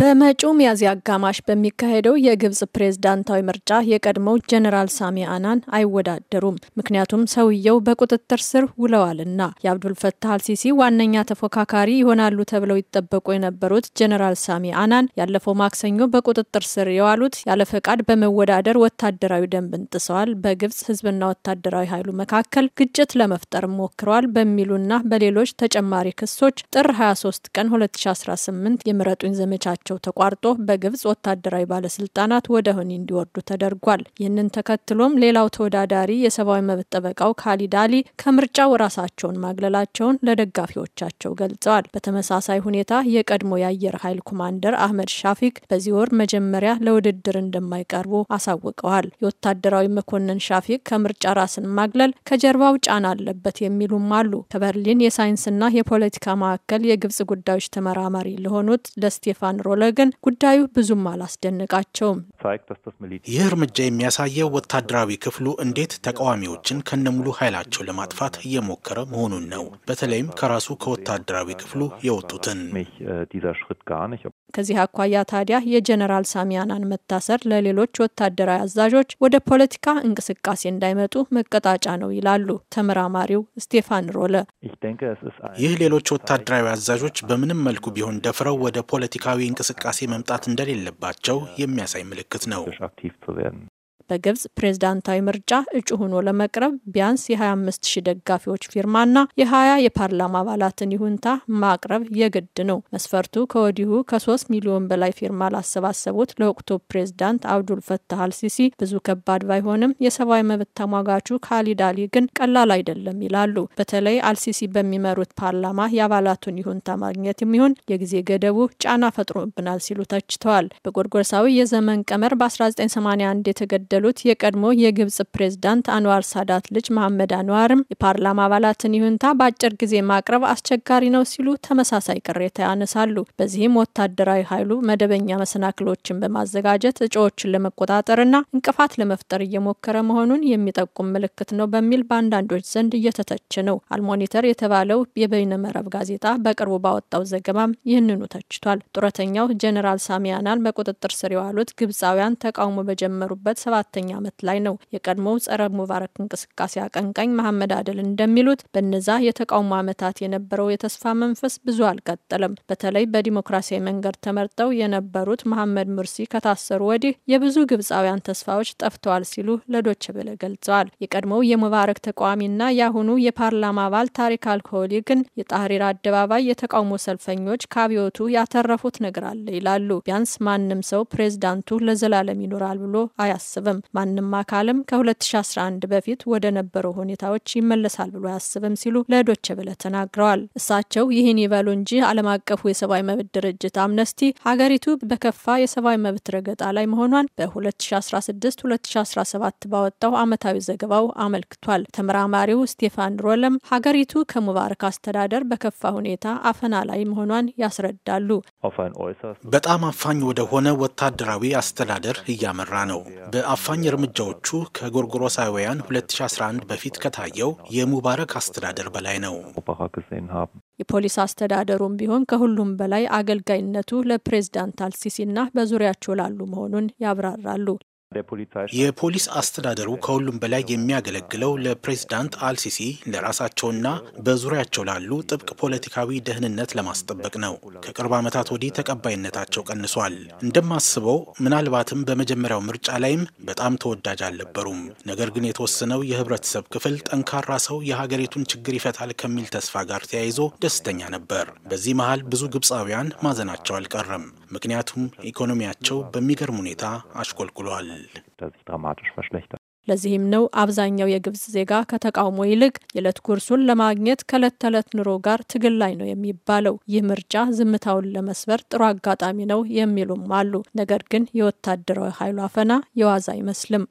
በመጪው ሚያዝያ አጋማሽ በሚካሄደው የግብጽ ፕሬዝዳንታዊ ምርጫ የቀድሞው ጀኔራል ሳሚ አናን አይወዳደሩም። ምክንያቱም ሰውየው በቁጥጥር ስር ውለዋልና። የአብዱልፈታህ አልሲሲ ዋነኛ ተፎካካሪ ይሆናሉ ተብለው ይጠበቁ የነበሩት ጀኔራል ሳሚ አናን ያለፈው ማክሰኞ በቁጥጥር ስር የዋሉት ያለ ፈቃድ በመወዳደር ወታደራዊ ደንብን ጥሰዋል፣ በግብጽ ህዝብና ወታደራዊ ኃይሉ መካከል ግጭት ለመፍጠር ሞክረዋል በሚሉና በሌሎች ተጨማሪ ክሶች ጥር 23 ቀን 2018 የምረጡኝ ዘመቻ ስራቸው ተቋርጦ በግብጽ ወታደራዊ ባለስልጣናት ወደ ሆኒ እንዲወርዱ ተደርጓል። ይህንን ተከትሎም ሌላው ተወዳዳሪ የሰብአዊ መብት ጠበቃው ካሊድ አሊ ከምርጫው ራሳቸውን ማግለላቸውን ለደጋፊዎቻቸው ገልጸዋል። በተመሳሳይ ሁኔታ የቀድሞ የአየር ኃይል ኮማንደር አህመድ ሻፊክ በዚህ ወር መጀመሪያ ለውድድር እንደማይቀርቡ አሳውቀዋል። የወታደራዊ መኮንን ሻፊቅ ከምርጫ ራስን ማግለል ከጀርባው ጫና አለበት የሚሉም አሉ። ከበርሊን የሳይንስና የፖለቲካ ማዕከል የግብጽ ጉዳዮች ተመራማሪ ለሆኑት ለስቴፋን ሮለ ግን ጉዳዩ ብዙም አላስደነቃቸውም። ይህ እርምጃ የሚያሳየው ወታደራዊ ክፍሉ እንዴት ተቃዋሚዎችን ከነሙሉ ኃይላቸው ለማጥፋት እየሞከረ መሆኑን ነው። በተለይም ከራሱ ከወታደራዊ ክፍሉ የወጡትን። ከዚህ አኳያ ታዲያ የጀነራል ሳሚያናን መታሰር ለሌሎች ወታደራዊ አዛዦች ወደ ፖለቲካ እንቅስቃሴ እንዳይመጡ መቀጣጫ ነው ይላሉ ተመራማሪው ስቴፋን ሮለ። ይህ ሌሎች ወታደራዊ አዛዦች በምንም መልኩ ቢሆን ደፍረው ወደ ፖለቲካዊ እንቅስቃሴ መምጣት እንደሌለባቸው የሚያሳይ ምልክት ነው። በግብጽ ፕሬዝዳንታዊ ምርጫ እጩ ሆኖ ለመቅረብ ቢያንስ የ25 ሺህ ደጋፊዎች ፊርማና የ20 የፓርላማ አባላትን ይሁንታ ማቅረብ የግድ ነው። መስፈርቱ ከወዲሁ ከ3 ሚሊዮን በላይ ፊርማ ላሰባሰቡት ለወቅቱ ፕሬዝዳንት አብዱል ፈታህ አልሲሲ ብዙ ከባድ ባይሆንም የሰብአዊ መብት ተሟጋቹ ካሊድ አሊ ግን ቀላል አይደለም ይላሉ። በተለይ አልሲሲ በሚመሩት ፓርላማ የአባላቱን ይሁንታ ማግኘት የሚሆን የጊዜ ገደቡ ጫና ፈጥሮብናል ሲሉ ተችተዋል። በጎርጎርሳዊ የዘመን ቀመር በ1981 የተገደ የወነጀሉት የቀድሞ የግብጽ ፕሬዝዳንት አንዋር ሳዳት ልጅ መሐመድ አንዋርም የፓርላማ አባላትን ይሁንታ በአጭር ጊዜ ማቅረብ አስቸጋሪ ነው ሲሉ ተመሳሳይ ቅሬታ ያነሳሉ። በዚህም ወታደራዊ ኃይሉ መደበኛ መሰናክሎችን በማዘጋጀት እጩዎችን ለመቆጣጠርና እንቅፋት ለመፍጠር እየሞከረ መሆኑን የሚጠቁም ምልክት ነው በሚል በአንዳንዶች ዘንድ እየተተች ነው። አልሞኒተር የተባለው የበይነመረብ ጋዜጣ በቅርቡ ባወጣው ዘገባም ይህንኑ ተችቷል። ጡረተኛው ጄኔራል ሳሚያናን በቁጥጥር ስር የዋሉት ግብፃውያን ተቃውሞ በጀመሩበት ሰባት አራተኛ ዓመት ላይ ነው። የቀድሞው ጸረ ሙባረክ እንቅስቃሴ አቀንቃኝ መሐመድ አደል እንደሚሉት በነዛ የተቃውሞ ዓመታት የነበረው የተስፋ መንፈስ ብዙ አልቀጠለም። በተለይ በዲሞክራሲያዊ መንገድ ተመርጠው የነበሩት መሐመድ ሙርሲ ከታሰሩ ወዲህ የብዙ ግብፃውያን ተስፋዎች ጠፍተዋል ሲሉ ለዶች ብለ ገልጸዋል። የቀድሞው የሙባረክ ተቃዋሚና የአሁኑ የፓርላማ አባል ታሪክ አልኮሆሊ ግን የጣህሪር አደባባይ የተቃውሞ ሰልፈኞች ከአብዮቱ ያተረፉት ነገር አለ ይላሉ። ቢያንስ ማንም ሰው ፕሬዝዳንቱ ለዘላለም ይኖራል ብሎ አያስብም። አይደለም። ማንም አካልም ከ2011 በፊት ወደ ነበረው ሁኔታዎች ይመለሳል ብሎ አያስብም ሲሉ ለዶቼ ቬለ ተናግረዋል። እሳቸው ይህን ይበሉ እንጂ ዓለም አቀፉ የሰብአዊ መብት ድርጅት አምነስቲ ሀገሪቱ በከፋ የሰብአዊ መብት ረገጣ ላይ መሆኗን በ2016 2017 ባወጣው ዓመታዊ ዘገባው አመልክቷል። ተመራማሪው ስቴፋን ሮለም ሀገሪቱ ከሙባረክ አስተዳደር በከፋ ሁኔታ አፈና ላይ መሆኗን ያስረዳሉ። በጣም አፋኝ ወደሆነ ወታደራዊ አስተዳደር እያመራ ነው። በአፍ አፋኝ እርምጃዎቹ ከጎርጎሮሳውያን 2011 በፊት ከታየው የሙባረክ አስተዳደር በላይ ነው። የፖሊስ አስተዳደሩም ቢሆን ከሁሉም በላይ አገልጋይነቱ ለፕሬዝዳንት አልሲሲና በዙሪያቸው ላሉ መሆኑን ያብራራሉ። የፖሊስ አስተዳደሩ ከሁሉም በላይ የሚያገለግለው ለፕሬዝዳንት አልሲሲ ለራሳቸውና በዙሪያቸው ላሉ ጥብቅ ፖለቲካዊ ደህንነት ለማስጠበቅ ነው። ከቅርብ ዓመታት ወዲህ ተቀባይነታቸው ቀንሷል። እንደማስበው ምናልባትም በመጀመሪያው ምርጫ ላይም በጣም ተወዳጅ አልነበሩም። ነገር ግን የተወሰነው የህብረተሰብ ክፍል ጠንካራ ሰው የሀገሪቱን ችግር ይፈታል ከሚል ተስፋ ጋር ተያይዞ ደስተኛ ነበር። በዚህ መሃል ብዙ ግብፃውያን ማዘናቸው አልቀረም። ምክንያቱም ኢኮኖሚያቸው በሚገርም ሁኔታ አሽቆልቁሏል። ለዚህም ነው አብዛኛው የግብጽ ዜጋ ከተቃውሞ ይልቅ የዕለት ጉርሱን ለማግኘት ከዕለት ተዕለት ኑሮ ጋር ትግል ላይ ነው የሚባለው። ይህ ምርጫ ዝምታውን ለመስበር ጥሩ አጋጣሚ ነው የሚሉም አሉ። ነገር ግን የወታደራዊ ኃይሉ አፈና የዋዛ አይመስልም።